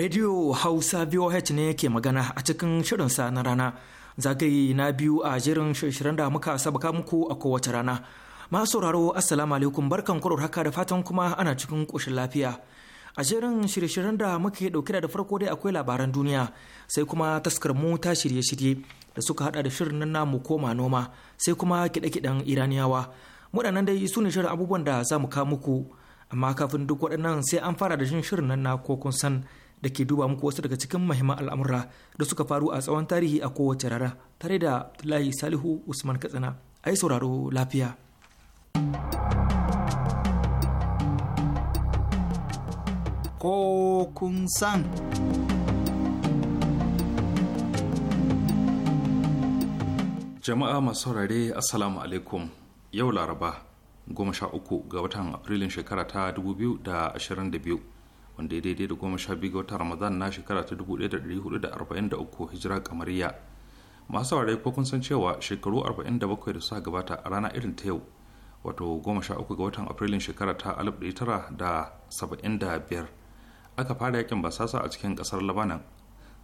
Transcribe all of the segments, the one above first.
Radio Hausa VOH ne ke magana a cikin shirinsa na rana. zagayi na biyu a jirin shirin da muka sabaka muku a kowace rana. Masu sauraro Assalamu alaikum barkan kwarar haka da fatan kuma ana cikin ƙoshin lafiya. A jirin shirye-shiryen da muke ɗauke da farko dai akwai labaran duniya sai kuma taskar mu ta shirye-shirye da suka hada da shirin nan namu koma noma sai kuma kiɗe-kiɗen Iraniyawa. Waɗannan dai su ne shirin abubuwan da za mu kawo muku amma kafin duk waɗannan sai an fara da jin shirin nan na kokun san da ke duba muku wasu daga cikin mahimman al'amura da suka faru a tsawon tarihi a kowace rara tare da Abdullahi Salihu Usman Katsina. Ai sauraro lafiya. Ko kun san. Jama'a masu saurare Assalamu alaikum yau Laraba goma sha uku ga watan Afrilun shekara ta 2022 wanda ya daidai da goma sha biyu ga watan ramadan na shekara ta 1443 hijira kamariya masu saurari ko kun san cewa shekaru 47 da suka gabata a rana irin ta yau wato goma sha uku ga watan afrilun shekara ta 1975 aka fara yakin basasa a cikin kasar labanan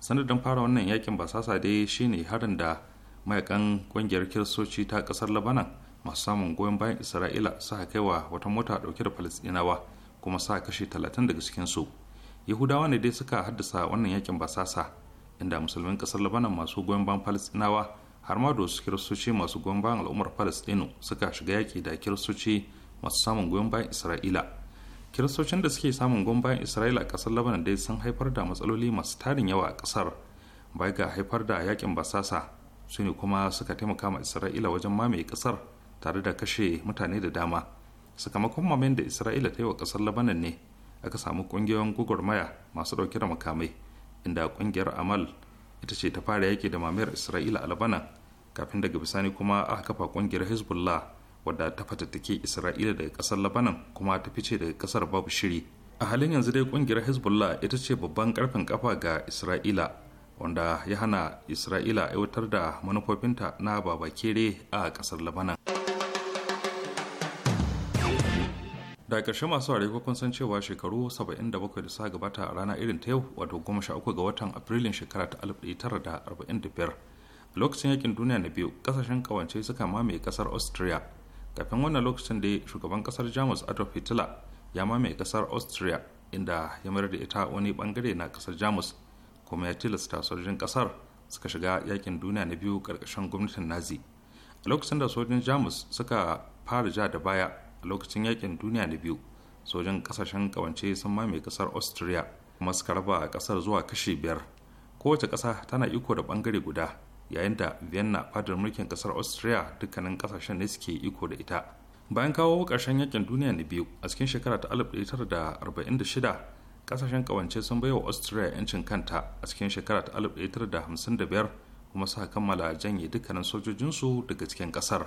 sanadin fara wannan yakin basasa dai shine harin da mayakan kungiyar kiristoci ta kasar labanan masu samun goyon bayan isra'ila suka kai wa wata mota dauke da falastinawa kuma sa kashe talatin daga cikinsu yahudawa ne dai suka haddasa wannan yakin basasa inda musulmin kasar labanan masu goyon bayan palestinawa har ma da wasu kiristoci masu goyon bayan al'ummar falastinu suka shiga yaki da kiristoci masu samun goyon bayan isra'ila kiristocin da suke samun goyon bayan isra'ila a kasar labanan dai sun haifar da matsaloli masu tarin yawa a kasar bai ga haifar da yakin basasa su ne kuma suka taimaka ma isra'ila wajen mamaye kasar tare da kashe mutane da dama sakamakon mamen da isra'ila ta yi wa kasar labanan ne aka samu kungiyoyin gwagwarmaya masu dauke da makamai inda kungiyar amal ita ce ta fara yaki da mamayar isra'ila a labanan kafin daga bisani kuma aka kafa kungiyar hezbollah wadda ta fatattake isra'ila daga kasar labanan kuma ta fice daga kasar babu shiri a halin yanzu dai kungiyar hezbollah ita ce babban karfin kafa ga isra'ila wanda ya hana isra'ila aiwatar da manufofinta na babakere a kasar labanan da ƙarshe masu ware kun san cewa shekaru 77 da sa gabata a rana irin ta yau wato 13 ga watan afrilun shekara ta 1945 a lokacin yakin duniya na biyu kasashen kawance suka mamaye kasar austria kafin wannan lokacin da shugaban ƙasar jamus adolf hitler ya mamaye kasar austria inda ya mayar da ita wani bangare na kasar jamus kuma ya tilasta sojojin kasar suka shiga yakin duniya na biyu ƙarƙashin gwamnatin nazi a lokacin da sojojin jamus suka fara ja da baya a lokacin yakin duniya na biyu sojan kasashen kawance sun mamaye kasar austria kuma suka raba kasar zuwa kashi biyar kowace kasa tana iko da bangare guda yayin da vienna fadar mulkin kasar austria dukkanin kasashen ne suke iko da ita bayan kawo karshen yakin duniya na biyu a cikin shekara ta 1946 kasashen kawance sun baiwa austria 'yancin kanta a cikin shekara ta 1955 kuma suka kammala janye dukkanin sojojinsu daga cikin kasar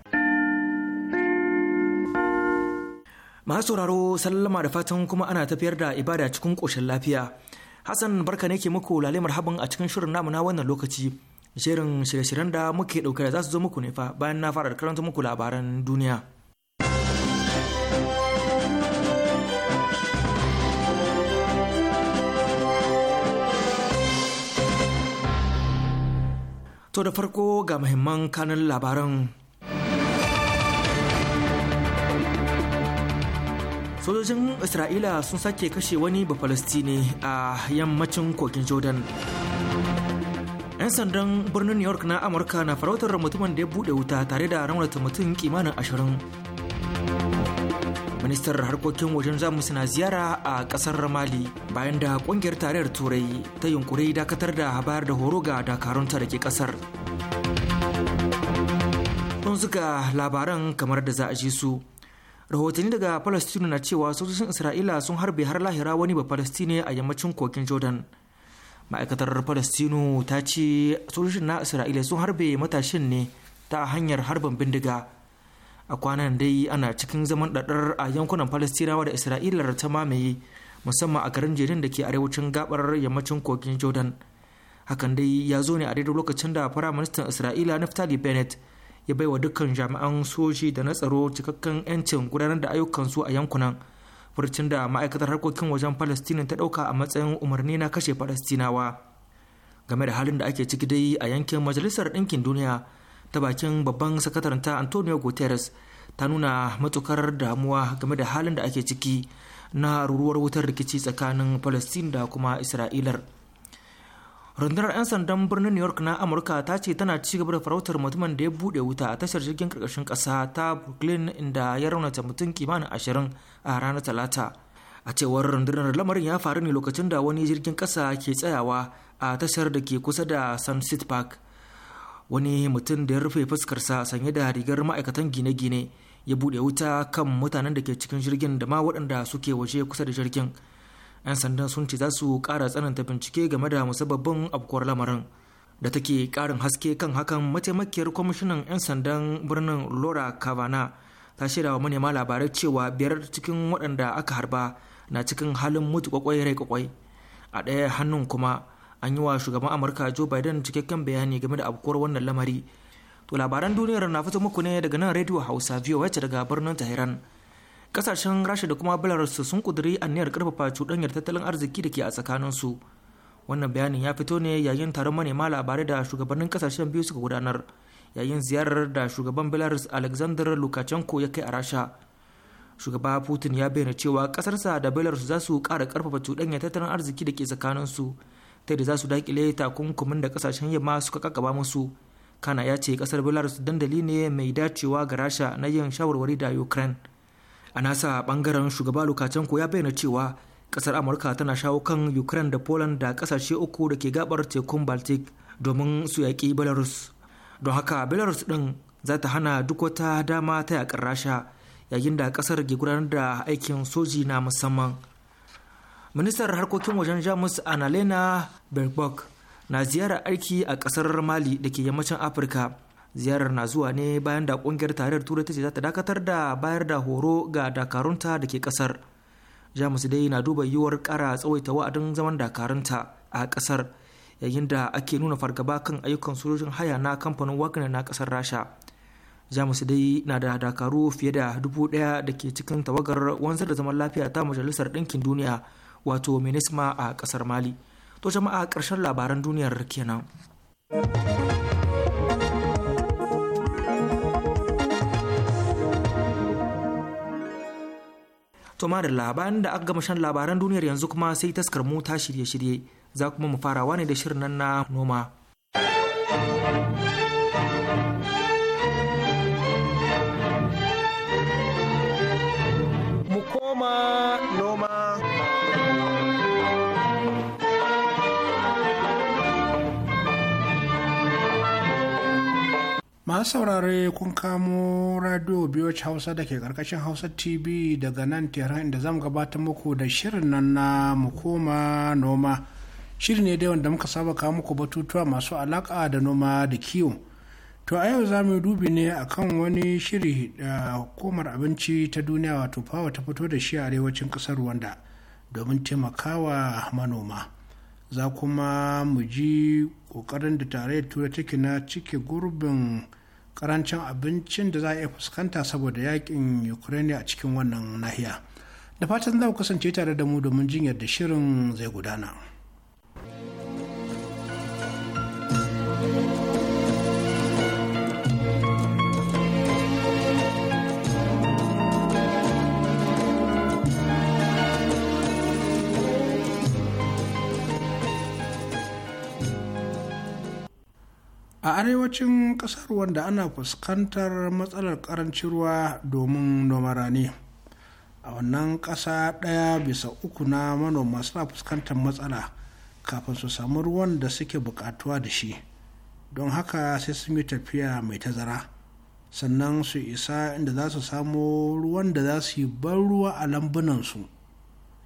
masu sauraro sallama da fatan kuma ana tafiyar da ibada cikin koshin lafiya hassan barka ne ke muku lalimar habin a cikin shirin namu na wannan lokaci shirin shirye-shiryen da muke ɗauke da za su zo muku ne fa bayan na fara karanta muku labaran duniya to da farko ga muhimman kanin labaran sojojin isra'ila sun sake kashe wani bafalastini a yammacin kogin jordan 'yan sandan birnin new york na amurka na farautar mutumin da ya bude wuta tare da raunata mutum kimanin ashirin ministar harkokin wajen zamu na ziyara a kasar mali bayan da kungiyar tarayyar turai ta yunkuri dakatar da habar da horo ga dakarunta da ke kasar sun suka labaran kamar da za a ji su rahotanni daga palestina na cewa sojojin isra'ila sun harbe har lahira wani ba palestine a yammacin kogin jordan ma'aikatar palestine ta ce sojojin na isra'ila sun harbe matashin ne ta hanyar harbin bindiga a kwanan dai ana cikin zaman ɗaɗar a yankunan palestinawa da israila ta mamaye musamman a garin jerin da ke arewacin gabar yammacin kogin jordan hakan dai ya zo ne a daidai lokacin da firaministan isra'ila naftali bennett ya baiwa dukkan jami'an soji da na tsaro cikakken 'yancin gudanar da ayyukansu a yankunan furcin da ma'aikatar harkokin wajen palestinian ta ɗauka a matsayin umarni na kashe palestinawa game da halin da ake ciki dai a yankin majalisar ɗinkin duniya ta bakin babban sakatarinta antonio guterres ta nuna matukar damuwa game da halin da ake ciki na ruruwar wutar rikici tsakanin palestine da kuma isra'ilar rundunar 'yan sandan birnin new york na amurka ta ce tana ci gaba da farautar mutumin da ya bude wuta a tashar jirgin karkashin kasa ta brooklyn inda ya raunata mutum kimanin ashirin a ranar talata a cewar rundunar lamarin ya faru ne lokacin da wani jirgin kasa ke tsayawa a tashar da ke kusa da sunset park wani mutum da ya rufe fuskarsa sanye da rigar ma'aikatan gine-gine ya bude wuta kan mutanen da ke cikin jirgin da ma waɗanda suke waje kusa da jirgin 'yan sandan sun ce za su kara tsananta bincike game da musabbabin afkuwar lamarin da take karin haske kan hakan mataimakiyar kwamishinan 'yan sandan birnin laura kavana ta shirya wa manema labarai cewa biyar cikin waɗanda aka harba na cikin halin mutu kwakwai rai kwakwai a ɗaya hannun kuma an yi wa shugaban amurka joe biden cikakken bayani game da abukuwar wannan lamari to labaran duniyar na fito muku ne daga nan radio hausa voa daga birnin tehran kasashen rasha da kuma belarus sun kuduri aniyar karfafa cuɗanyar tattalin arziki da ke a su wannan bayanin ya fito ne yayin taron manema labarai da shugabannin kasashen biyu suka gudanar yayin ziyarar da shugaban belarus alexander lukashenko ya kai a rasha shugaba putin ya bayyana cewa kasarsa da belarus za su ƙara karfafa cuɗanyar tattalin arziki da ke su ta yadda za su daƙile takunkumin da kasashen yamma suka kakaba musu kana ya ce kasar belarus dandali ne mai dacewa ga rasha na yin shawarwari da ukraine a nasa bangaren shugaba lukashenko ya bayyana cewa kasar amurka tana shawo kan ukraine da poland da kasashe uku da ke gabar tekun baltic domin su yaƙi belarus don haka belarus din za ta hana duk wata dama ta yaƙar rasha yayin da kasar ke gudanar da aikin soji na musamman ministar harkokin wajen jamus annalena bergbock na ziyarar aiki a kasar mali da ke yammacin afirka ziyarar na zuwa ne bayan da kungiyar tarayyar turai ta ce za ta dakatar da bayar da horo ga dakarunta da ke kasar jamus dai na duba yiwuwar kara tsawaita wa'adin zaman dakarunta a kasar yayin da ake nuna fargaba kan ayyukan sojojin haya na kamfanin wagner na kasar rasha jamus dai na da dakaru fiye da dubu daya da ke cikin tawagar wanzar da zaman lafiya ta majalisar ɗinkin duniya wato minisma a kasar mali to jama'a ƙarshen labaran duniyar kenan. To da labarin da aka gama shan labaran duniyar yanzu kuma sai taskar mu ta shirye-shirye za kuma mu farawa ne da shirin nan na noma. masu saurare kun kamo radio biyu hausa da ke karkashin hausa tv daga nan tehran da zamu gabata muku da shirin nan na mukoma noma shiri ne da wanda muka saba kawo muku batutuwa masu alaka da noma da kiwo to a yau zamu mu dubi ne akan wani shiri da eh, hukumar abinci ta duniya wato fawa ta fito da shi a arewacin kasar rwanda domin taimakawa manoma za kuma mu ji kokarin da da tura take na cike gurbin karancin abincin da za a iya fuskanta saboda yakin ukraine a cikin wannan nahiya da fatan za ku kasance tare da mu domin jin yadda shirin zai gudana. a arewacin kasar wanda ana fuskantar matsalar karancin ruwa domin noman rani a wannan ƙasa ɗaya bisa uku na manoma suna fuskantar matsala kafin su samu ruwan da suke buƙatuwa da shi don haka sai sun yi tafiya mai tazara sannan su isa inda za su samu ruwan da za su yi ban ruwa a lambunansu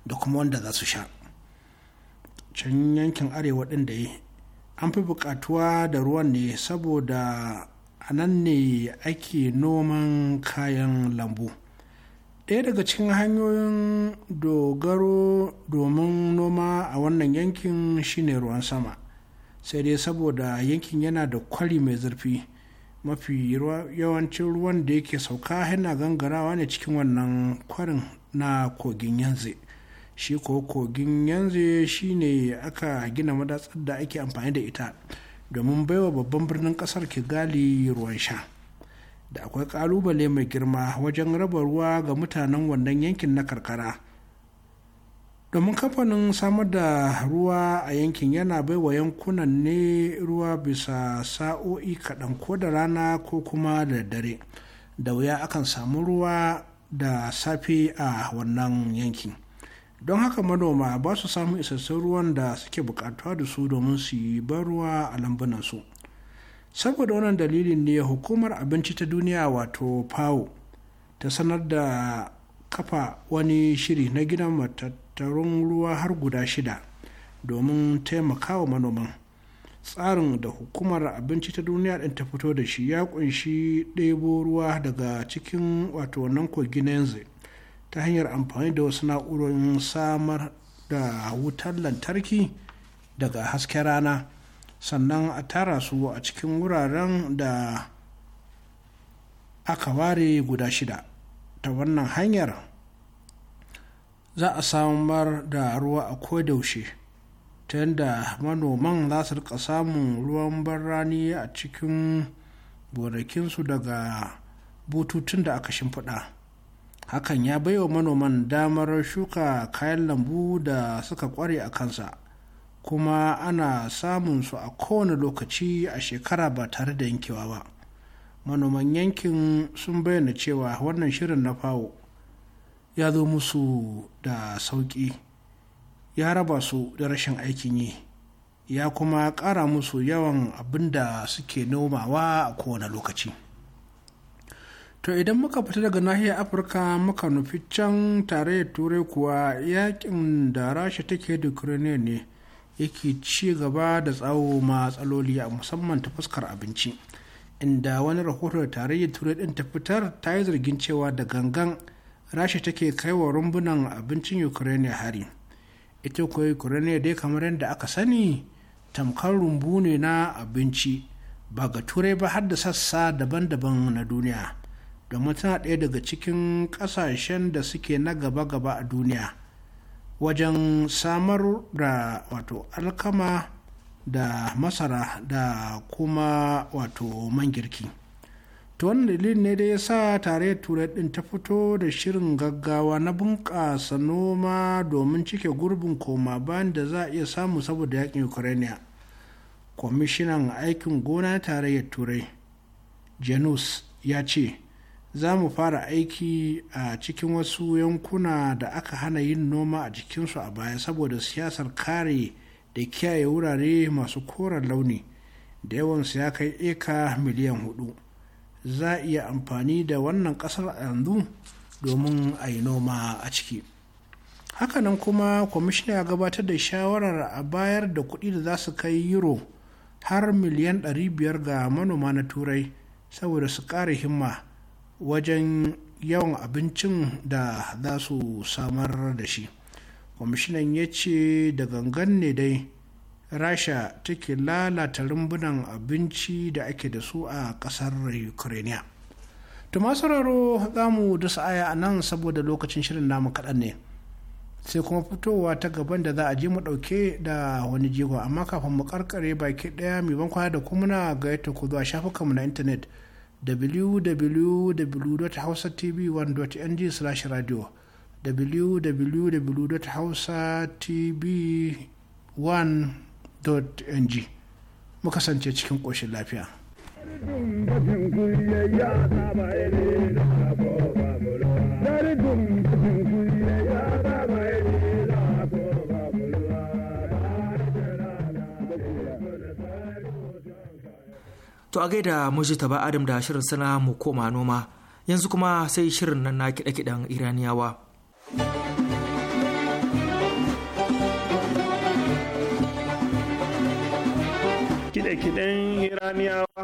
da kuma wanda za su sha can yankin arewa ɗin da yi an fi buƙatuwa da ruwan ne saboda a nan ne ake noman kayan lambu ɗaya daga cikin hanyoyin dogaro domin noma a wannan yankin shine ruwan sama sai dai saboda yankin yana da kwari mai zurfi mafi yawancin ruwan da yake sauka yana gangarawa ne cikin wannan kwarin na kogin yanzu shi ko kogin yanzu shi ne aka gina madatsar da ake amfani da ita domin baiwa babban birnin kasar kigali ruwan sha da akwai kalubale mai girma wajen raba ruwa ga mutanen wannan yankin na karkara domin kamfanin samar da ruwa a yankin yana baiwa yankunan ne ruwa bisa sa'o'i kaɗan ko da rana ko kuma da dare da wuya akan samu ruwa da safe a wannan yankin don haka manoma ba su samu isassun ruwan da suke bukatuwa da su domin su yi ban ruwa a lambunansu saboda wannan dalilin ne hukumar abinci ta duniya wato fao ta sanar da kafa wani shiri na gidan matattarun ruwa har guda shida domin taimakawa manoman tsarin da hukumar abinci ta duniya ɗin ta fito da shi ya kunshi ɗebo ruwa daga cikin wato wannan kogi na yanzu ta hanyar amfani da wasu na'urorin samar da wutar lantarki daga hasken rana sannan a tara su a cikin wuraren da aka ware guda shida ta wannan hanyar za a samar da ruwa a kodaushe ta yadda manoman za su rika samun ruwan barrani a cikin gonakinsu daga bututun da aka shimfiɗa hakan ya baiwa manoman damar shuka kayan lambu da suka kware a kansa kuma ana samun su a kowane lokaci a shekara ba tare da yankewa ba manoman yankin sun bayyana cewa wannan shirin na fawo ya zo musu da sauƙi ya raba su da rashin aikin yi ya kuma ƙara musu yawan abin da suke nomawa a kowane lokaci to idan muka fita daga nahiyar afirka muka nufi can tarayyar turai kuwa yakin da rasha take da ukraine ne yake ci gaba da tsawo matsaloli a musamman ta fuskar abinci inda wani rahoto da tarayyar turai din ta fitar ta yi zargin cewa da gangan rasha take kaiwa rumbunan abincin ukraine hari ita kuwa ukraine dai kamar yadda aka sani tamkar rumbu ne na abinci ba ga turai ba har da sassa daban-daban na duniya domin tana ɗaya daga cikin ƙasashen da suke na gaba-gaba a duniya wajen samar da wato alkama da masara da kuma wato man girki to wannan dalilin ne da ya sa tare turai ɗin ta fito da shirin gaggawa na bunƙasa noma domin cike gurbin koma bayan da za a iya samu saboda yakin ukraine kwamishinan aikin gona tare tarayyar turai janus ya ce za mu fara aiki a cikin wasu yankuna da aka hana yin noma a jikinsu a baya saboda siyasar kare da kiyaye wurare masu koren launi da yawansu ya kai eka miliyan hudu za a iya amfani da wannan kasar a yanzu domin a yi noma a ciki hakanan kuma kwamishina ya gabatar da shawarar a bayar da kuɗi da za su kai euro har miliyan 500 ga manoma na turai saboda su ƙara himma wajen yawan abincin da za su samar da shi kwamishinan ya ce da gangan ne dai rasha take lalata rumbunan abinci da ake da su a kasar ukraine masu raro za mu dasa aya a nan saboda lokacin shirin namu kaɗan ne sai kuma fitowa ta gaban da za a je mu ɗauke da wani jigo amma kafin mu karkare baki ɗaya mai bankwana da kuma na gayyata ku zuwa shafukanmu na intanet www.hausatv1.ng/radio www.hausatv1.ng mu kasance cikin ƙoshin lafiya. To a gaida ta ba Adam da shirin sana mu koma noma yanzu kuma sai shirin nan na kiɗe-kiɗen Iraniyawa. Kiɗe-kiɗen Iraniyawa.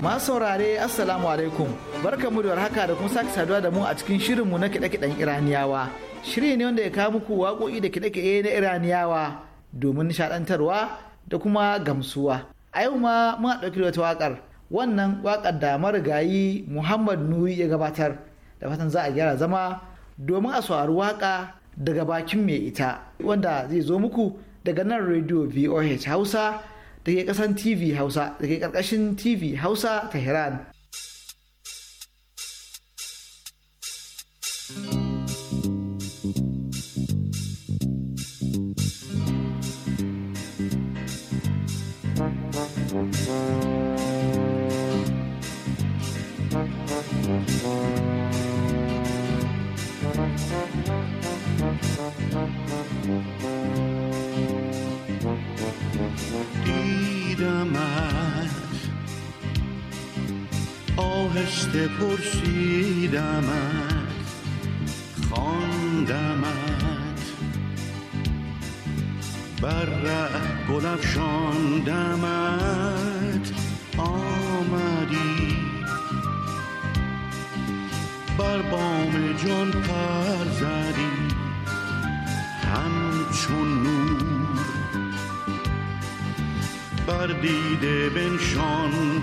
masu saurare assalamu alaikum barkamu da haka da kun sake saduwa da mu a cikin mu na kiɗe-kiɗen iraniyawa shirin ne wanda ya kawo muku waƙoƙi da kiɗe-kiɗe na iraniyawa domin nishaɗantarwa da kuma gamsuwa a yau ma muna ɗauki wata waƙar wannan waƙar da marigayi muhammad Nuri ya gabatar da fatan za a gyara zama domin a saurari waƙa daga bakin mai ita wanda zai zo muku daga nan rediyo voh hausa da ke kasan tv hausa da ke karkashin tv hausa tehran بر بام جان پر زدی همچون نور بر دیده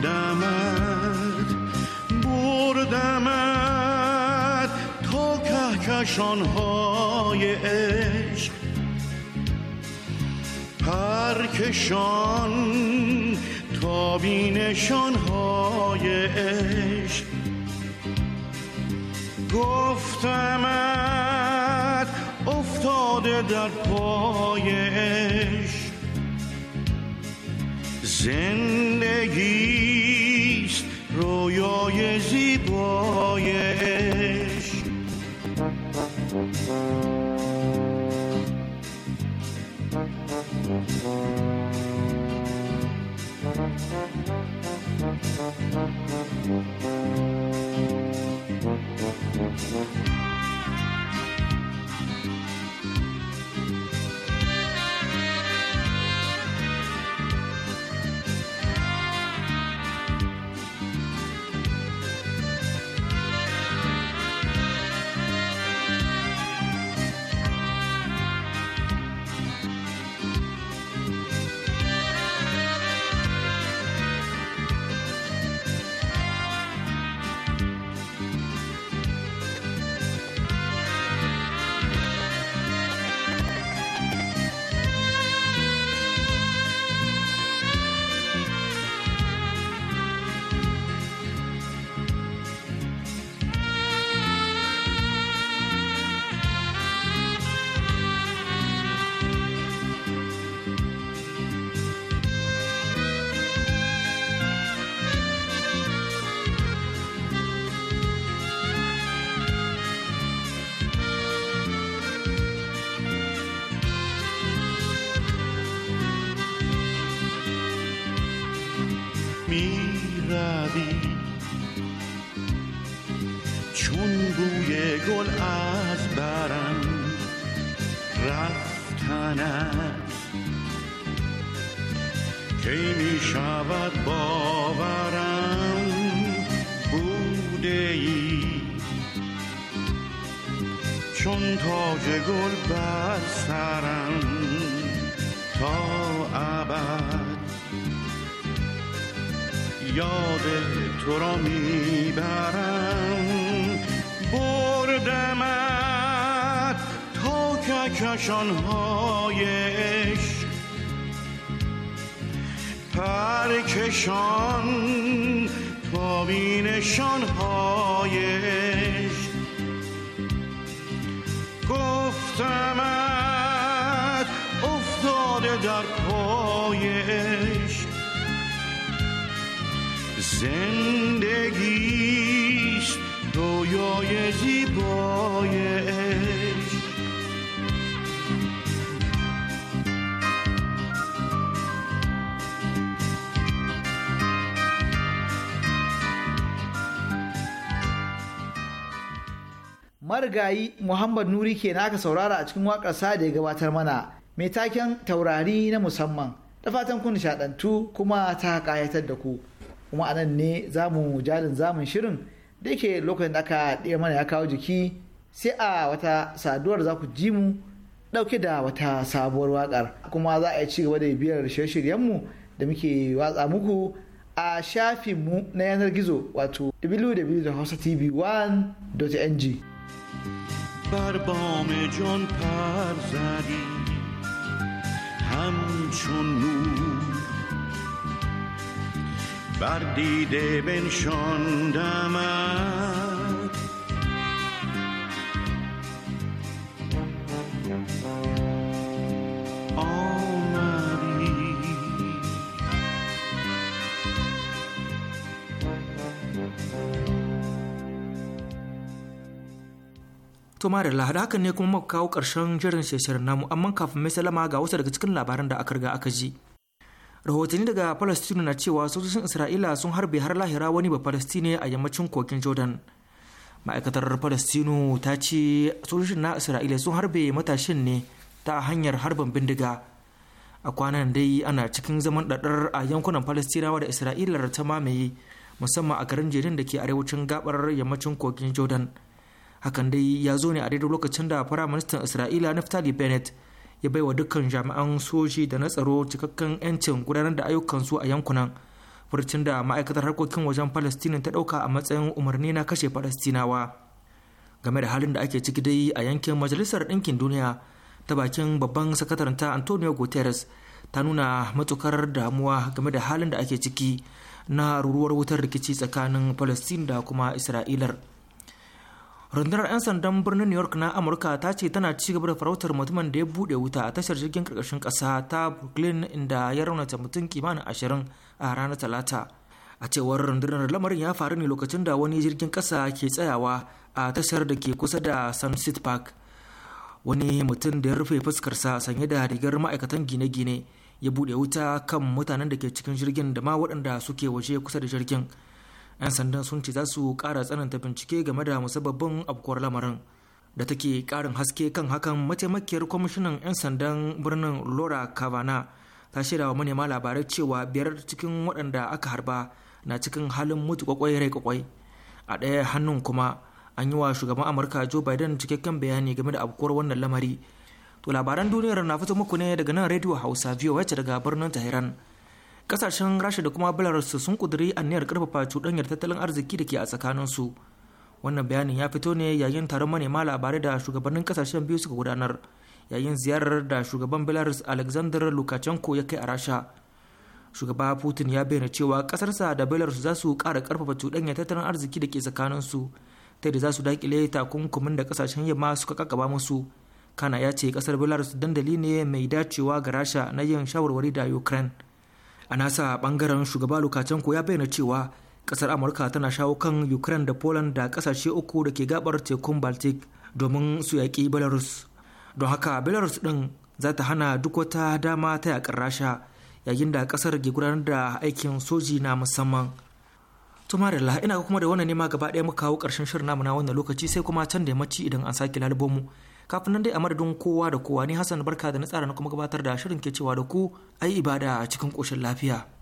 دمد بردمد تا های عشق پرکشان تا های عشق گفتم، افتاده در پایش زندگیست رویای زیبایش Música کهکشان هایش، پرکشان پابینشان هایش، گفتمت افتاده در پایش، زندگیش رویای زیبای marigayi muhammad nuri ke aka saurara a cikin waƙarsa da ya gabatar mana mai taken taurari na musamman da fatan kun shaɗantu kuma ta ƙayatar da ku kuma anan ne za mu jalin zamun shirin da yake lokacin da aka ɗaya mana ya kawo jiki sai a wata saduwar za ku ji mu ɗauke da wata sabuwar wakar. kuma za a yi ci gaba da biyar shirye-shiryenmu da muke watsa muku a shafinmu na yanar gizo wato www.hausatv1.ng بر بام جان پر زدی همچون نور بر دیده بنشاندمت To Marilla, da hakan ne kuma muka kawo ƙarshen jirin shirin namu amma kafin mai salama ga wasu daga cikin labaran da aka riga aka ji. Rahotanni daga Palestine na cewa sojojin Isra'ila sun harbe har lahira wani ba Palestine a yammacin kogin Jordan. Ma'aikatar Palestino ta ce sojojin na Isra'ila sun harbe matashin ne ta hanyar harbin bindiga. A kwanan dai ana cikin zaman ɗaɗar a yankunan Palestinawa da Isra'ila ta mamaye musamman a garin Jenin da ke arewacin gabar yammacin kogin Jordan. hakan dai ya zo ne a daidai lokacin da firaministan isra'ila naftali bennett ya baiwa dukkan jami'an soji da na tsaro cikakken 'yancin gudanar da ayyukansu a yankunan furcin da ma'aikatar harkokin wajen palestinian ta ɗauka a matsayin umarni na kashe palestinawa game da halin da ake ciki dai a yankin majalisar ɗinkin duniya ta bakin babban sakatarinta antonio guterres ta nuna matukar damuwa game da halin da ake ciki na ruruwar wutar rikici tsakanin palestine da kuma isra'ilar rundunar 'yan sandan birnin new york na amurka ta ce tana ci gaba da farautar mutumin da ya bude wuta a tashar jirgin karkashin kasa ta brooklyn inda ya raunata mutum kimanin ashirin a ranar talata a cewar rundunar lamarin ya faru ne lokacin da wani jirgin kasa ke tsayawa a tashar da ke kusa da sunset park wani mutum da ya rufe fuskarsa sanye da rigar ma'aikatan gine-gine ya bude wuta kan mutanen da ke cikin jirgin da ma waɗanda suke waje kusa da jirgin 'yan sandan sun ce za su kara tsananta bincike game da musabbabin afkuwar lamarin da take karin haske kan hakan mataimakiyar kwamishinan 'yan sandan birnin laura kavana ta shirya wa manema labarai cewa biyar cikin waɗanda aka harba na cikin halin mutu kwakwai rai kwakwai a ɗaya hannun kuma an yi wa shugaban amurka joe biden cikakken bayani game da afkuwar wannan lamari to labaran duniyar na fito muku ne daga nan radio hausa voa daga birnin tehran kasashen rasha da kuma belarus sun kuduri aniyar karfafa cuɗanyar tattalin arziki da ke a tsakaninsu wannan bayanin ya fito ne yayin taron manema labarai da shugabannin kasashen biyu suka gudanar yayin ziyarar da shugaban belarus alexander lukashenko ya kai a rasha shugaba putin ya bayyana cewa kasarsa da belarus za su ƙara karfafa cuɗanyar tattalin arziki da ke tsakaninsu ta da za su dakile takunkumin da kasashen yamma suka kakaba musu kana ya ce kasar belarus dandali ne mai dacewa ga rasha na yin shawarwari da ukraine a nasa bangaren shugaba lukashenko ya bayyana cewa kasar amurka tana shawo kan ukraine da poland da kasashe uku da ke gabar tekun baltic domin su yaƙi belarus don haka belarus ɗin za ta hana duk wata dama ta yaƙar rasha yayin da kasar ke gudanar da aikin soji na musamman da ina kuma da wannan nema gaba ɗaya muka kawo ƙarshen shirin namu na wannan lokaci sai kuma can da yammaci idan an sake lalubo mu kafin nan dai a madadin kowa da kowa ni hassan barka da na tsara na kuma gabatar da shirin ke cewa da ku a yi ibada a cikin koshin lafiya